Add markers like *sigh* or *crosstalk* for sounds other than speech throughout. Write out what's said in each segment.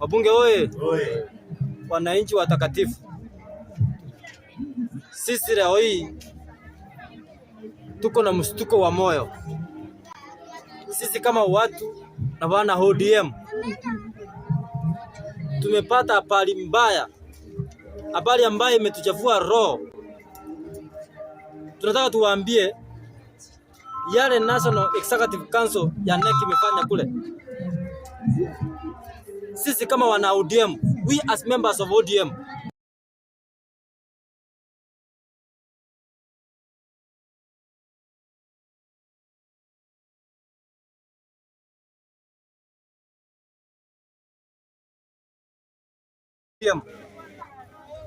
Wabunge oye! Wananchi watakatifu, sisi leo hii tuko na mshtuko wa moyo. Sisi kama watu na wana ODM tumepata habari mbaya, habari ambayo imetuchafua roho. Tunataka tuwaambie yale National Executive Council ya NEC imefanya kule sisi kama wana ODM, we as members of ODM ODM.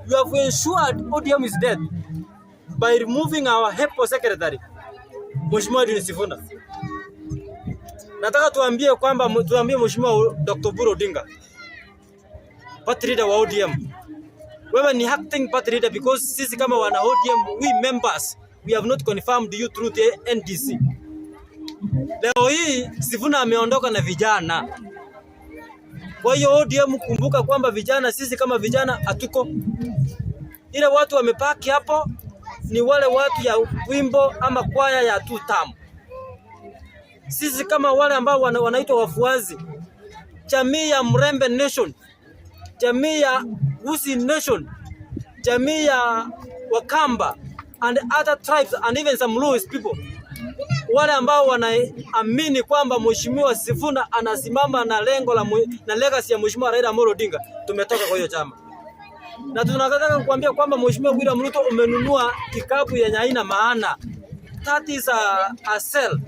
You have ensured ODM is dead by removing our HEPO secretary Mheshimiwa Edwin Sifuna. Nataka tuambie kwamba tuambie Mheshimiwa Dr. Buru Odinga party leader wa ODM. Wewe ni acting party leader because sisi kama wana ODM we members we have not confirmed you through the NDC. Leo hii Sifuna ameondoka na vijana. Kwa hiyo ODM, kumbuka kwamba vijana, sisi kama vijana hatuko. Ile watu wamepaki hapo ni wale watu ya wimbo ama kwaya ya tutam. Sisi kama wale ambao wanaitwa wafuazi, jamii ya Mrembe Nation jamii ya Wusi Nation, jamii ya Wakamba and other tribes and even some Luo people, wale ambao wanaamini kwamba Mheshimiwa Sifuna anasimama na lengo la na legacy ya Mheshimiwa Raila Amolo Odinga. Tumetoka kwa hiyo chama na tunataka kukuambia kwamba Mheshimiwa William Ruto umenunua kikapu yenye haina maana. That is a, a sell.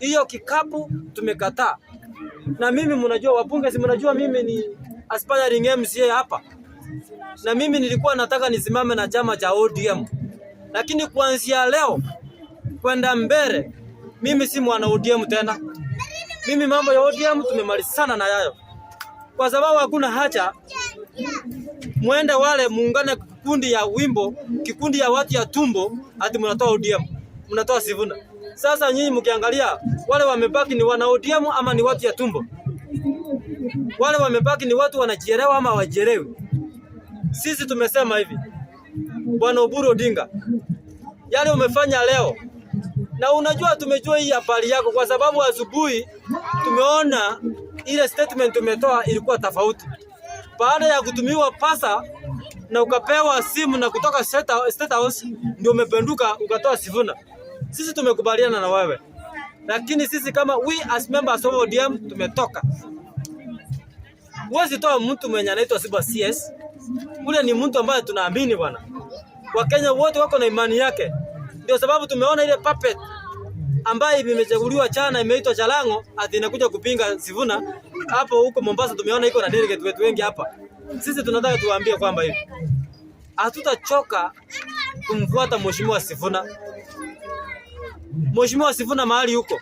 Hiyo kikapu tumekataa, na mimi mnajua, wabunge si mnajua mimi ni aspiring MCA hapa, na mimi nilikuwa nataka nisimame na chama cha ODM, lakini kuanzia leo kwenda mbele mimi si mwana ODM tena. Mimi mambo ya ODM tumemalizana na yayo, kwa sababu hakuna haja mwende wale muungane kikundi ya wimbo kikundi ya watu ya tumbo ati mnatoa ODM mnatoa Sivuna. Sasa nyinyi mkiangalia wale wamebaki ni wana ODM ama ni watu ya tumbo? Wale wamebaki ni watu wanajielewa ama wajielewi. Sisi tumesema hivi, Bwana Oburu Odinga, yale yaani umefanya leo, na unajua tumejua hii habari yako, kwa sababu asubuhi tumeona ile statement umetoa ilikuwa tofauti, baada ya kutumiwa pasa na ukapewa simu na kutoka State House ndio umependuka ukatoa Sifuna. Sisi tumekubaliana na wewe, lakini sisi kama we as members of ODM tumetoka Huwezi toa mtu mwenye anaitwa Siba CS. Ule ni mtu ambaye tunaamini bwana. Wakenya wote wako na imani yake. Ndio sababu tumeona ile puppet ambaye imechaguliwa chana imeitwa Chalango ati inakuja kupinga Sivuna. Hapo huko Mombasa tumeona iko na delegate wetu wengi hapa. Sisi tunataka tuwaambie kwamba hivi hatutachoka kumfuata Mheshimiwa Sivuna. Mheshimiwa Sivuna mahali huko.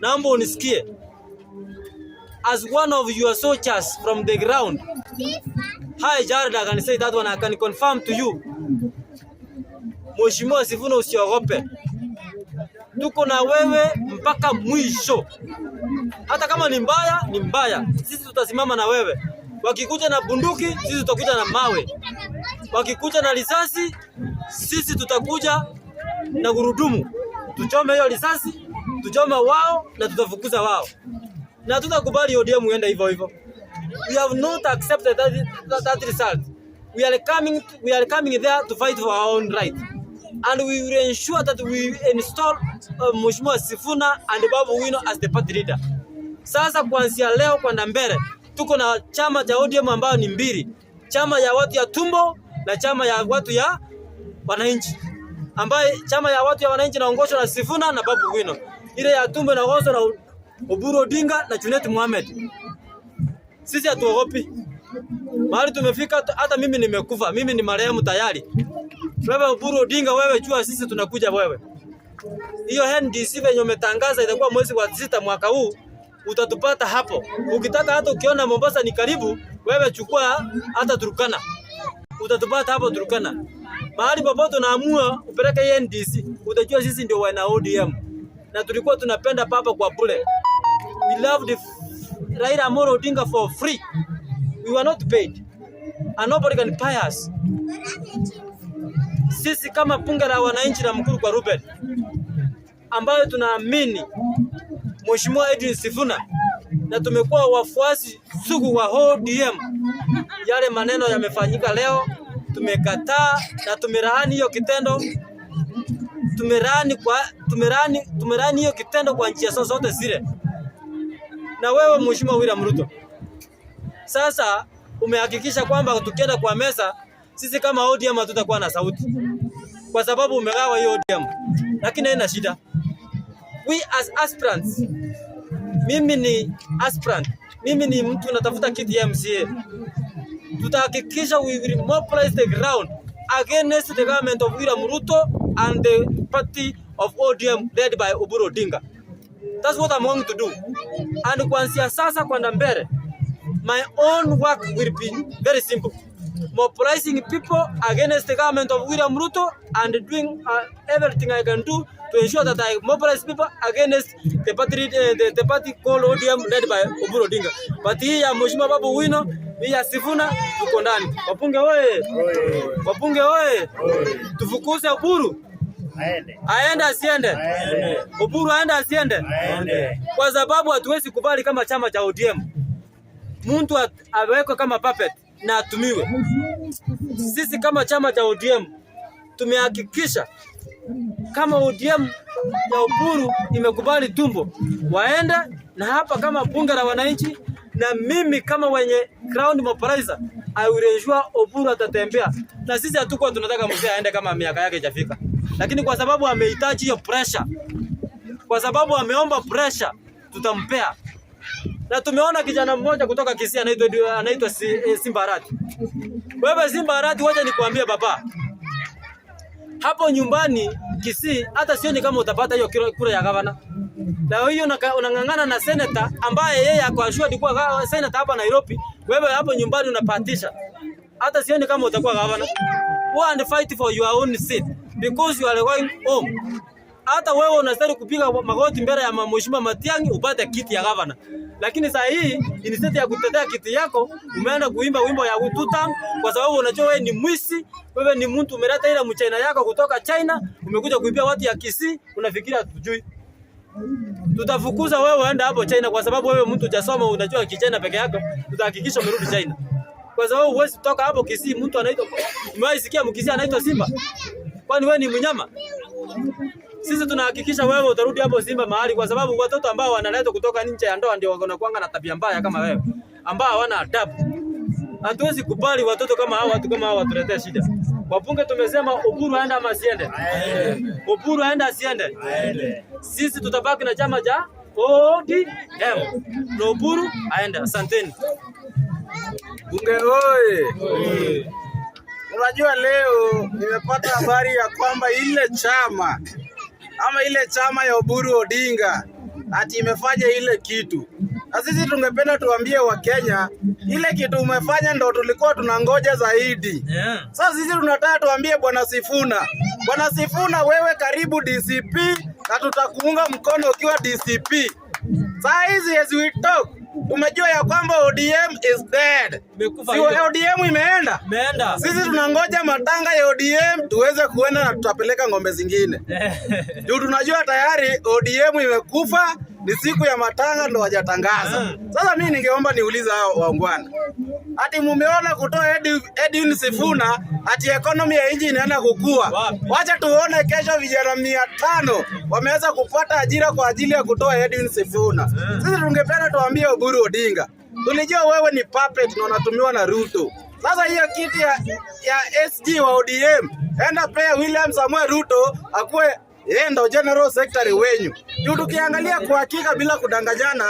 Naomba unisikie as one of your soldiers from the ground. Hi Jared, I can say that one, I can confirm to you. Mheshimiwa Sifuna, usiogope, tuko na wewe mpaka mwisho. Hata kama ni mbaya ni mbaya, sisi tutasimama na wewe. Wakikuja na bunduki, sisi tutakuja na mawe. Wakikuja na risasi, sisi tutakuja na gurudumu. Tuchome hiyo risasi, tuchome wao na tutafukuza wao na hatutakubali ODM uende hivyo hivyo. We have not accepted that, that, that result. We are coming we are coming there to fight for our own right. And we will ensure that we install uh, Mheshimiwa Sifuna and Babu Wino as the party leader. Sasa kuanzia leo kwenda mbele tuko na chama cha ODM ambayo ni mbili, chama ya watu ya tumbo na chama ya watu ya wananchi, ambaye chama ya watu ya wananchi naongozwa na Sifuna na Babu Wino, ile ya tumbo inaongozwa na Oburu Odinga na Junet Mohamed. Sisi hatuogopi. Mahali tumefika hata mimi nimekufa, mimi ni marehemu tayari. Wewe Oburu Odinga, wewe jua sisi tunakuja wewe. Hiyo NDC venye umetangaza itakuwa mwezi wa sita mwaka huu utatupata hapo. Ukitaka hata ukiona Mombasa ni karibu, wewe chukua hata Turkana. Utatupata hapo Turkana. Mahali popote unaamua upeleke NDC, utajua sisi ndio wana ODM. Na tulikuwa tunapenda papa kwa bure we loved Raila Amolo Odinga for free. We were not paid. And nobody can pay us. Sisi kama bunge la wananchi na Mkuru kwa Ruben ambayo tunaamini Mheshimiwa Edwin Sifuna na tumekuwa wafuasi sugu wa ODM. Yale maneno yamefanyika leo, tumekataa na tumerahani hiyo kitendo, tumerahani kwa tumerahani tumerahani hiyo kitendo kwa njia zozote zile na wewe Mheshimiwa William Ruto. Sasa umehakikisha kwamba tukienda kwa meza sisi kama ODM hatutakuwa na sauti kwa sababu umegawa hiyo ODM, lakini haina shida. We as aspirants, mimi ni aspirant, mimi ni mtu natafuta kiti ya MCA. Tutahakikisha we will mobilize the ground against the government of William Ruto and the party of ODM led by Oburu Odinga. That's what I'm going to do. And kuanzia sasa kwenda mbele, my own work will be very simple. Mobilizing people against the government of William Ruto and doing uh, everything I can do to ensure that I mobilize people against the party, uh, the, the party called ODM led by Oburu Odinga. But hii ya Mheshimiwa Babu Wino, hii ya Sifuna tuko ndani. Wapunge oye! Wapunge oye! Tufukuze Oburu aende, asiende? Oburu aende asiende? kwa sababu hatuwezi kubali kama chama cha ODM mtu awekwe kama puppet na atumiwe. Sisi kama chama cha ODM tumehakikisha kama ODM ya Oburu imekubali tumbo, waende na hapa kama bunge la wananchi na mimi kama wenye crown mobilizer I will ensure Oburu atatembea, na sisi hatukuwa tunataka mzee aende kama miaka yake haijafika, lakini kwa sababu amehitaji hiyo pressure, kwa sababu ameomba pressure, tutampea. Na tumeona kijana mmoja kutoka Kisii anaitwa anaitwa eh, Simba Arati. Wewe Simba Arati, wacha nikwambie baba, hapo nyumbani Kisii hata sioni kama utapata hiyo kura ya gavana na hiyo unang'ang'ana na senator ambaye yeye akuashuadi kuwa senator hapa Nairobi, wewe hapo nyumbani unapatisha. Hata sioni kama utakuwa gavana. Go and fight for your own seat because you are going home. Hata wewe unastahili kupiga magoti mbele ya Mheshimiwa Matiang'i upate kiti ya gavana. Lakini saa hii instead ya kutetea kiti yako umeenda kuimba wimbo ya ututam kwa sababu unajua wewe ni mwisi, wewe ni mtu umeleta ile mchaina yako kutoka China, umekuja kuibia watu ya Kisii, unafikiria tujui. Tutafukuza wewe uende hapo China kwa sababu wewe mtu hujasoma unajua Kichina peke yako. Tutahakikisha umerudi China. Kwa sababu huwezi kutoka hapo Kisii mtu anaitwa umewahi sikia Mkisii anaitwa Simba? Kwani wewe ni mnyama? Sisi tunahakikisha wewe utarudi hapo Simba mahali kwa sababu watoto ambao wanaletwa kutoka nje ya ndoa ndio wanakuanga na tabia mbaya kama wewe ambao hawana adabu. Hatuwezi kubali watoto kama hao watu kama hao watuletee shida. Wabunge tumesema Oburu aenda ama asiende? Oburu aenda asiende? Sisi tutabaki na chama cha ODM na Oburu aende. Asanteni bunge hoye Unajua, leo nimepata habari ya kwamba ile chama ama ile chama ya Oburu Odinga ati imefanya ile kitu na sisi tungependa tuambie Wakenya ile kitu umefanya ndo tulikuwa tunangoja zaidi. Yeah. Sasa sisi tunataka tuambie Bwana Sifuna. Bwana Sifuna, wewe karibu DCP na tutakuunga mkono ukiwa DCP. Saa hizi as we talk umejua ya kwamba ODM is dead. Si ODM imeenda? Imeenda. Sisi tunangoja matanga ya ODM tuweze kuenda na tutapeleka ng'ombe zingine. *laughs* Juu tunajua tayari ODM imekufa ni siku ya matanga ndo wajatangaza. Ah. Sasa mimi ningeomba niulize hao waungwana, ati mumeona kutoa Edwin Sifuna ati economy ya nchi inaenda kukua. Wacha tuone kesho vijana mia tano wameweza kupata ajira kwa ajili ya kutoa Edwin Sifuna. Ah. Sisi tungependa tuambie Oburu Odinga, tulijua wewe ni puppet na unatumiwa na Ruto. Sasa hiyo kiti ya, ya SG wa ODM enda pea William Samuel Ruto akuwe yeye ndo general secretary wenyu. Juu tukiangalia kwa hakika, bila kudanganyana,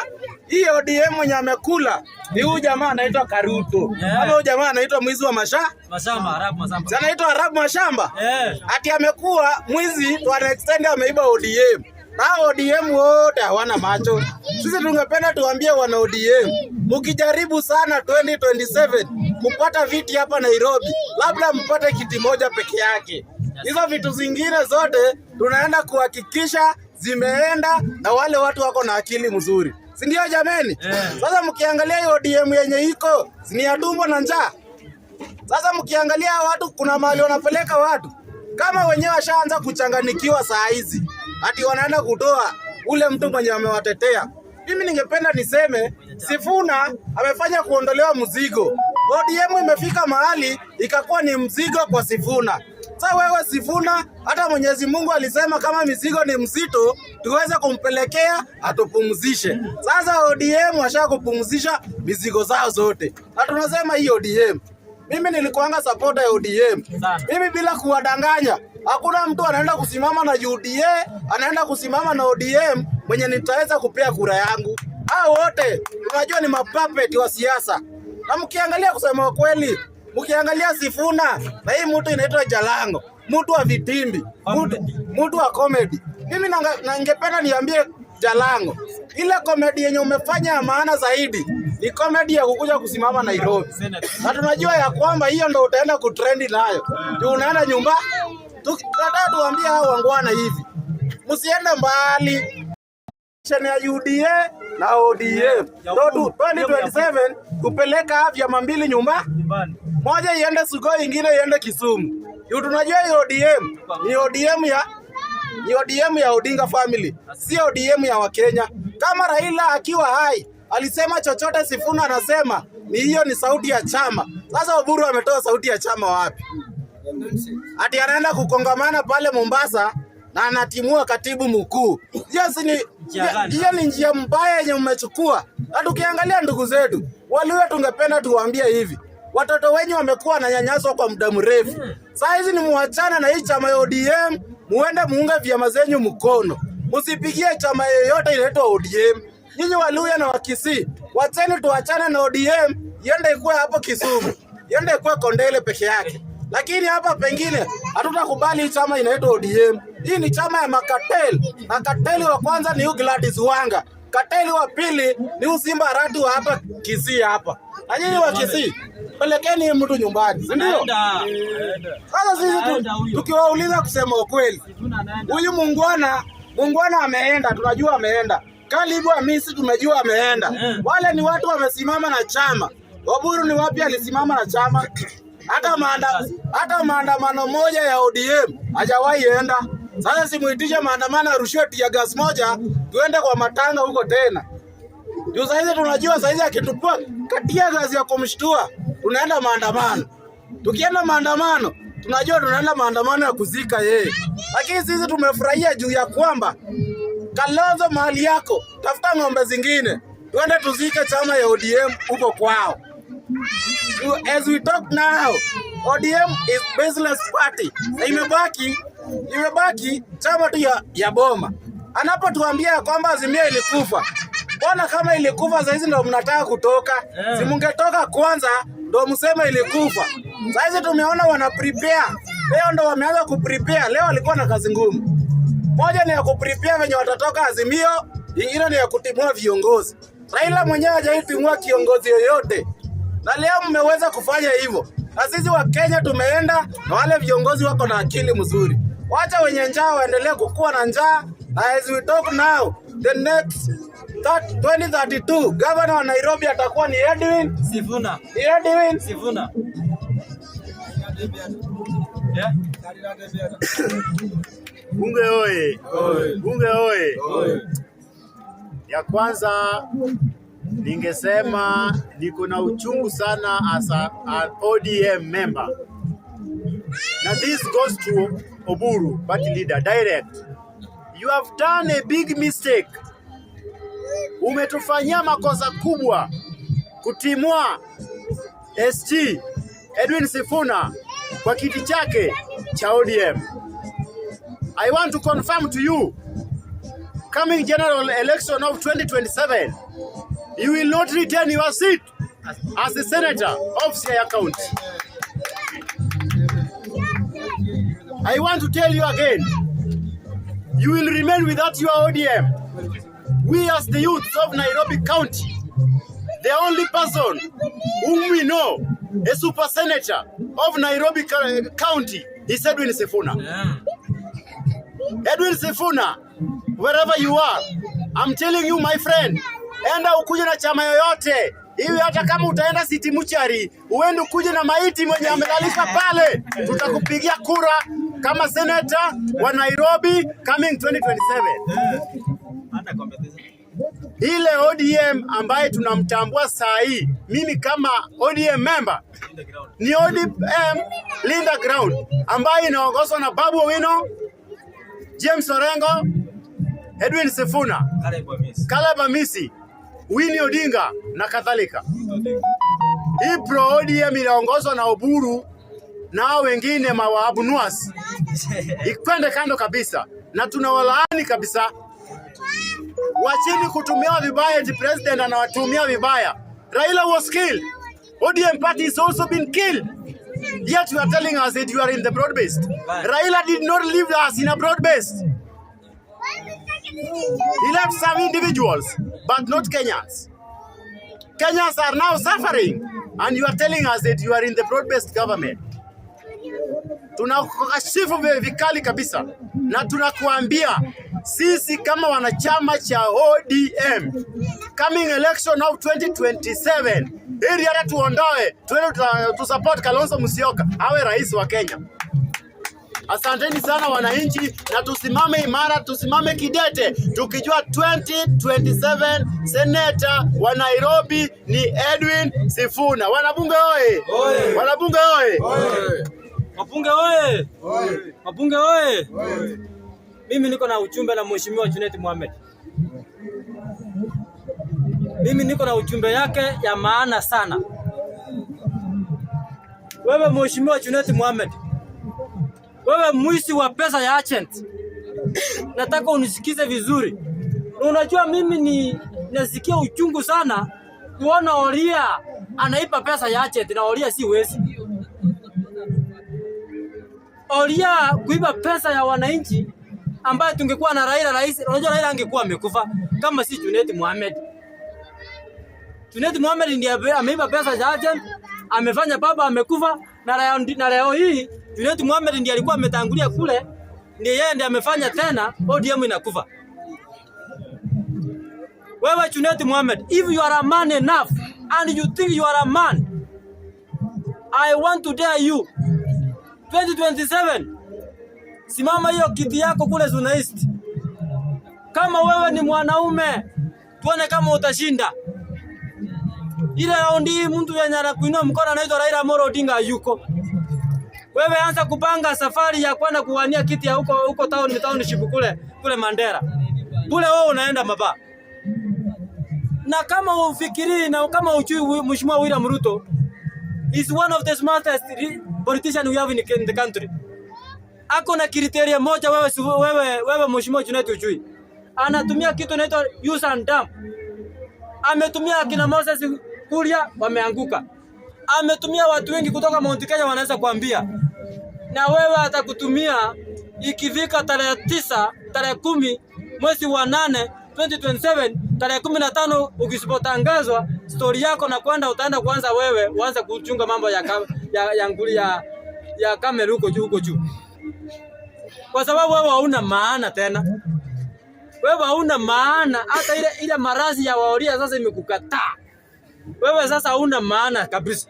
hii ODM mwenye amekula ni huyu jamaa anaitwa Karuto yeah. huyu jamaa anaitwa mwizi wa masha mashamba, Arabu mashamba, si anaitwa Arabu mashamba yeah. Ati amekuwa mwizi, wana extend ameiba ODM na ODM wote hawana macho. Sisi tungependa tuambie wana ODM, mkijaribu sana 2027 mupata viti hapa Nairobi, labda mpate kiti moja peke yake. Hizo vitu zingine zote tunaenda kuhakikisha zimeenda na wale watu wako na akili mzuri, si ndio jameni? Yeah. Sasa mkiangalia hiyo ODM yenye iko ni ya tumbo na njaa. Sasa mkiangalia watu, kuna mahali wanapeleka watu kama wenyewe washaanza kuchanganikiwa saa hizi, ati wanaenda kutoa ule mtu mwenye amewatetea. Mimi ningependa niseme Sifuna amefanya kuondolewa mzigo. ODM imefika mahali ikakuwa ni mzigo kwa Sifuna. Sasa wewe sivuna, hata Mwenyezi Mungu alisema kama mizigo ni mzito tuweze kumpelekea atupumzishe. Sasa ODM washa kupumzisha mizigo zao zote, na tunasema hii ODM mimi nilikuanga supporter ya ODM. Mimi bila kuwadanganya, hakuna mtu anaenda kusimama na UDA, anaenda kusimama na ODM mwenye nitaweza kupea kura yangu. Hao wote unajua ni mapapeti wa siasa, na mkiangalia kusema kweli Ukiangalia Sifuna na hii mtu inaitwa Jalango, mtu wa vitimbi, mtu wa comedy. Mimi ningependa niambie Jalango, ile comedy yenye umefanya ya maana zaidi ni comedy ya kukuja kusimama Nairobi, na tunajua ya kwamba hiyo ndo utaenda kutrendi nayo, ndio unaenda nyumba. Tunataka tuambie hao wangwana hivi, msiende mbali ya UDA na ODM 2027 kupeleka afya mambili nyumba nyumbani moja iende Sugo, ingine iende Kisumu. Yu tunajua hiyo ODM ni ODM ya ni ODM ya Odinga family, si ODM ya Wakenya. Kama Raila akiwa hai alisema chochote, Sifuna anasema ni hiyo ni sauti ya chama. Sasa Oburu ametoa sauti ya chama wapi? Ati anaenda kukongamana pale Mombasa na anatimua katibu mkuu. Hiyo ni njia mbaya yenye umechukua. Hata ukiangalia ndugu zetu Waluya, tungependa tuwaambie hivi watoto wenyu wamekuwa wananyanyaswa kwa muda mrefu. Hmm. Saa hizi ni muachana na hii chama ya ODM, muende muunge vyama zenyu mkono, musipigie chama yoyote inaitwa ODM. Nyinyi Waluya na Wakisii, wacheni tuachane na ODM, iende ikuwe hapo Kisumu, iende ikuwe Kondele peke yake, lakini hapa pengine hatutakubali hii chama inaitwa ODM. Hii ni chama ya makateli, na kateli wa kwanza ni huyu Gladys Wanga. Kateli wa pili ni Usimba Ratu wa hapa Kisii hapa. Na nyinyi wa Kisii pelekeni mtu nyumbani, si ndio? Sasa sisi tukiwauliza kusema ukweli, huyu mungwana mungwana ameenda, tunajua ameenda. Kalibu amisi tumejua ameenda. Eh. Wale ni watu wamesimama na chama. Waburu ni wapi alisimama na chama? Hata maandamano moja ya ODM hajawahi enda. Sasa simuitishe maandamano arushiwe tia gas moja, tuende kwa matanga huko tena. Juu saizi tunajua saizi akitupua katia gas ya kumshtua, tunaenda maandamano. Tukienda maandamano, tunajua tunaenda maandamano ya kuzika yeye. Lakini sisi tumefurahia juu ya kwamba Kalonzo, mahali yako, tafuta ng'ombe zingine, tuende tuzike chama ya ODM huko kwao. As we talk now, ODM is baseless party. Imebaki imebaki chama tu ya, ya Boma anapotuambia kwamba Azimio ilikufa. Mbona kama ilikufa saizi ndo mnataka kutoka? Eh. Si mungetoka kwanza ndo msema ilikufa. Saizi tumeona wana prepare. Leo ndo wameanza prepare Leo walikuwa na kazi ngumu. Moja ni ya prepare venye watatoka Azimio, nyingine ni ya kutimua viongozi. Raila mwenyewe hajaitimua kiongozi yoyote, na leo mmeweza kufanya hivyo, na sisi wa Kenya tumeenda na wale viongozi wako na akili mzuri. Wacha wenye njaa waendelee kukua na njaa, na as we talk now the next 2032 governor wa Nairobi atakuwa ni Edwin Sifuna. Edwin Sifuna. Yeah. Bunge oye. Bunge oye. Ya kwanza ningesema niko na uchungu sana as a ODM member. Now this goes to Oburu party leader direct. You have done a big mistake. Umetufanyia makosa kubwa kutimua SG Edwin Sifuna kwa kiti chake cha ODM. I want to confirm to you coming general election of 2027 you will not retain your seat as the senator of Siaya County. I want to tell you again, you will remain without your ODM. We as the youths of Nairobi County, the only person whom we know, a super senator of Nairobi County, is Edwin Sifuna. Yeah. Edwin Sifuna, wherever you are, I'm telling you my friend, enda ukuje na chama yoyote iwe hata kama utaenda siti muchari, uende ukuje na maiti mwenye amelalisha pale, tutakupigia kura kama senata wa Nairobi coming 2027 ile ODM ambaye tunamtambua saa hii, mimi kama ODM member ni ODM Linda Ground ambaye inaongozwa na Babu Owino, James Orengo, Edwin Sifuna, Kaleb Amisi, Winnie Odinga na kadhalika. Hii pro ODM inaongozwa na Oburu nao wengine mawahabu nuas ikwende kando kabisa, na tunawalaani kabisa. Wachini kutumia vibaya, the president anawatumia vibaya. Raila was killed. ODM party is also been killed. Yet you are telling us that you are in the broad based. Raila did not leave us in a broad based. He left some individuals, but not Kenyans. Kenyans are now suffering, and you are telling us that you are in the broad based government tunakukashifu vikali kabisa, na tunakuambia sisi kama wanachama cha ODM coming election of 2027 ili hata tuondoe tuende support Kalonzo Musyoka awe rais wa Kenya. Asanteni sana wananchi, na tusimame imara, tusimame kidete, tukijua 2027 seneta wa Nairobi ni Edwin Sifuna. Wanabunge oye! Wanabunge oye! mabunge oye! Mabunge oye! Mimi niko na ujumbe na Mheshimiwa Junet Mohamed. Mimi niko na ujumbe yake ya maana sana. Wewe Mheshimiwa Junet Mohamed, wewe mwizi wa pesa ya agent, nataka unisikize vizuri. Unajua mimi ni nasikia uchungu sana kuona Oria anaipa pesa ya agent na Oria si wezi Oria kuiba pesa ya wananchi ambayo tungekuwa na Raila rais. Unajua Raila angekuwa amekufa kama si Junet Mohamed. Junet Mohamed ndiye ameiba pesa za agent, amefanya baba amekufa na, leo, na leo hii Junet Mohamed ndiye alikuwa ametangulia kule, ndiye yeye ndiye amefanya tena ODM inakufa. Wewe Junet Mohamed, if you are a man enough and you think you are a man, I want to dare you 2027 simama hiyo kiti yako kule Zona East. Kama wewe ni mwanaume, tuone kama utashinda ile raundi hii. Mtu yenye anakuinua mkono anaitwa Raila Amolo Odinga yuko. Wewe anza kupanga safari ya kwenda kuwania kiti ya huko huko town township kule kule Mandera. Kule wewe unaenda mabaa. Na kama ufikiri na kama uchui, Mheshimiwa William Ruto is one of the smartest politician we have in, in the country. Ako na kriteria moja wewe wewe wewe mheshimiwa Junet ujui. Anatumia kitu inaitwa use and dump. Ametumia akina Moses Kuria wameanguka. Ametumia watu wengi kutoka Mount Kenya wanaweza kuambia. Na wewe atakutumia ikifika tarehe tisa, tarehe kumi mwezi wa nane 2027 tarehe kumi na tano ukisipotangazwa story yako na kwenda utaenda kwanza wewe uanze kuchunga mambo ya ka, ya, ya nguli ya ya kamera huko juu huko juu, kwa sababu wewe hauna maana tena, wewe hauna maana hata ile ile marazi ya waoria sasa imekukataa wewe, sasa hauna maana kabisa.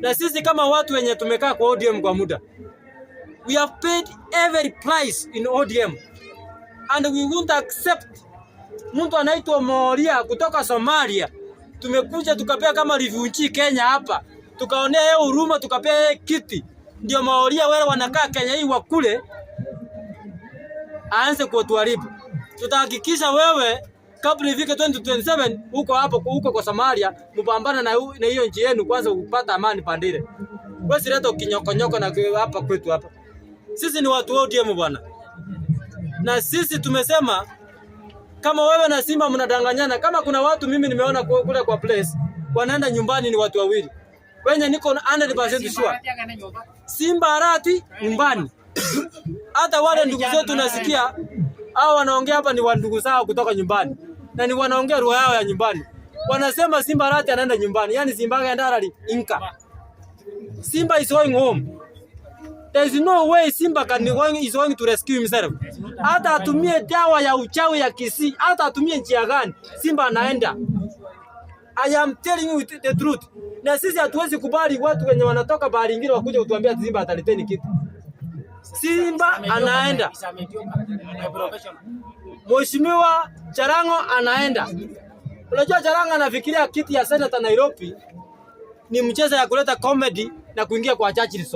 Na sisi kama watu wenye tumekaa kwa ODM kwa muda, we have paid every price in ODM and we won't accept mtu anaitwa Moria kutoka Somalia, tumekuja tukapea kama review nchi Kenya hapa, tukaonea yeye huruma, tukapea yeye kiti, ndio Maoria wale wanakaa Kenya hii wakule, aanze kutuharibu. Tutahakikisha wewe kabla ifike 2027 huko hapo huko kwa Somalia, mpambana na na hiyo nchi yenu kwanza, upata amani pandile. Wewe sileta kinyokonyoko na hapa kwetu hapa. Sisi ni watu wa ODM bwana, na sisi tumesema kama wewe na Simba mnadanganyana, kama kuna watu mimi nimeona kule kwa place wanaenda nyumbani ni watu wawili wenye niko 100% sure Simba arati nyumbani. Hata wale ndugu zetu nasikia hao wanaongea hapa ni wa ndugu zao kutoka nyumbani, na ni wanaongea roho yao ya nyumbani. Wanasema Simba arati anaenda nyumbani, yani Simba anaenda arali inka Simba is going home. There is no way Simba can going, is going to rescue himself. Hata atumie dawa ya uchawi ya kisi, hata atumie njia gani, Simba anaenda. I am telling you the truth. Na sisi hatuwezi kubali watu wenye wanatoka bahari ingine wakuja kutuambia Simba ataleteni kitu. Simba anaenda. Mheshimiwa Charango anaenda. Unajua Charango anafikiria kiti ya senata Nairobi ni mchezo ya kuleta comedy na kuingia kwa Churchill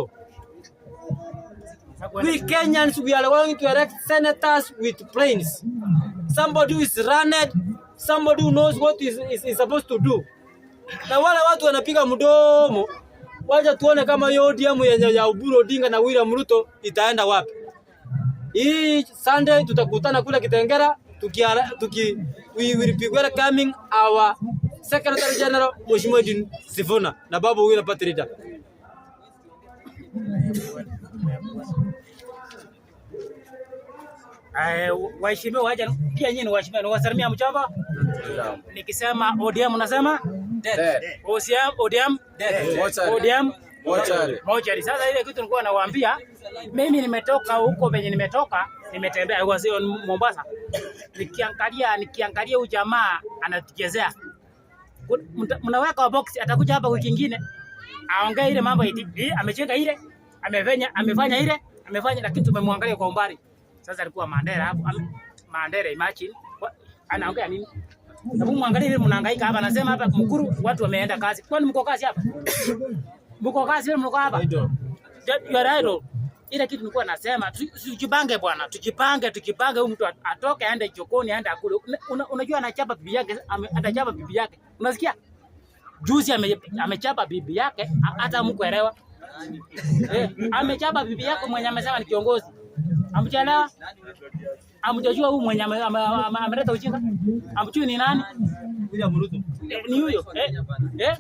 We Kenyans, we are going to elect senators with planes. Somebody who is learned, somebody who knows what is, is, is supposed to do. Na wale watu wanapiga mdomo, wacha tuone kama hiyo ODM yenye ya Uburu Odinga na William Ruto itaenda wapi. Hii Sunday tutakutana kule Kitengera tuki, tuki we will be welcoming our Secretary General Mheshimiwa Edwin Sifuna na Babu Wina Patrida. Eh, waheshimiwa waje pia nyinyi waheshimiwa, wasalimia mchamba. Nikisema ODM nasema ODM, ODM, ODM Mochari. Sasa ile kitu nilikuwa nawaambia, mimi nimetoka huko venye nimetoka, nimetembea kwa sio Mombasa, nikiangalia nikiangalia huyu jamaa anatuchezea, mnaweka wa box, atakuja hapa wiki nyingine aongee ile mambo, amecheka ile, amefanya amefanya ile amefanya, lakini tumemwangalia kwa umbali sasa alikuwa Mandela hapo, Mandela imagine anaongea nini? Sababu mwangalie vile mnahangaika hapa, anasema hapa Mukuru watu wameenda kazi. Kwani mko kazi hapa? *coughs* Mko kazi wewe mko hapa? You are right. Ile kitu nilikuwa nasema tujipange bwana, tujipange, tujipange huyu mtu atoke aende jokoni aende akule. Unajua anachapa bibi yake, atachapa bibi yake. Unasikia? Juzi amechapa bibi yake hata mkuelewa. Eh, amechapa bibi yake mwenye amesema ni kiongozi. Amjana amjajua huyu mwenye ameleta ujinga, amjui ni nani? Eh, ni huyo eh, eh?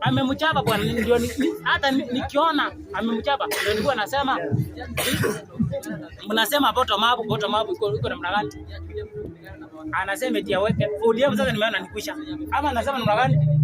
Amemchapa bwana, ndio hata nikiona amemchapa ndio nilikuwa nasema, mnasema bottom up, bottom up iko namna gani? Anasema eti aweke ODM. Sasa nimeona nikwisha, ama anasema namna gani?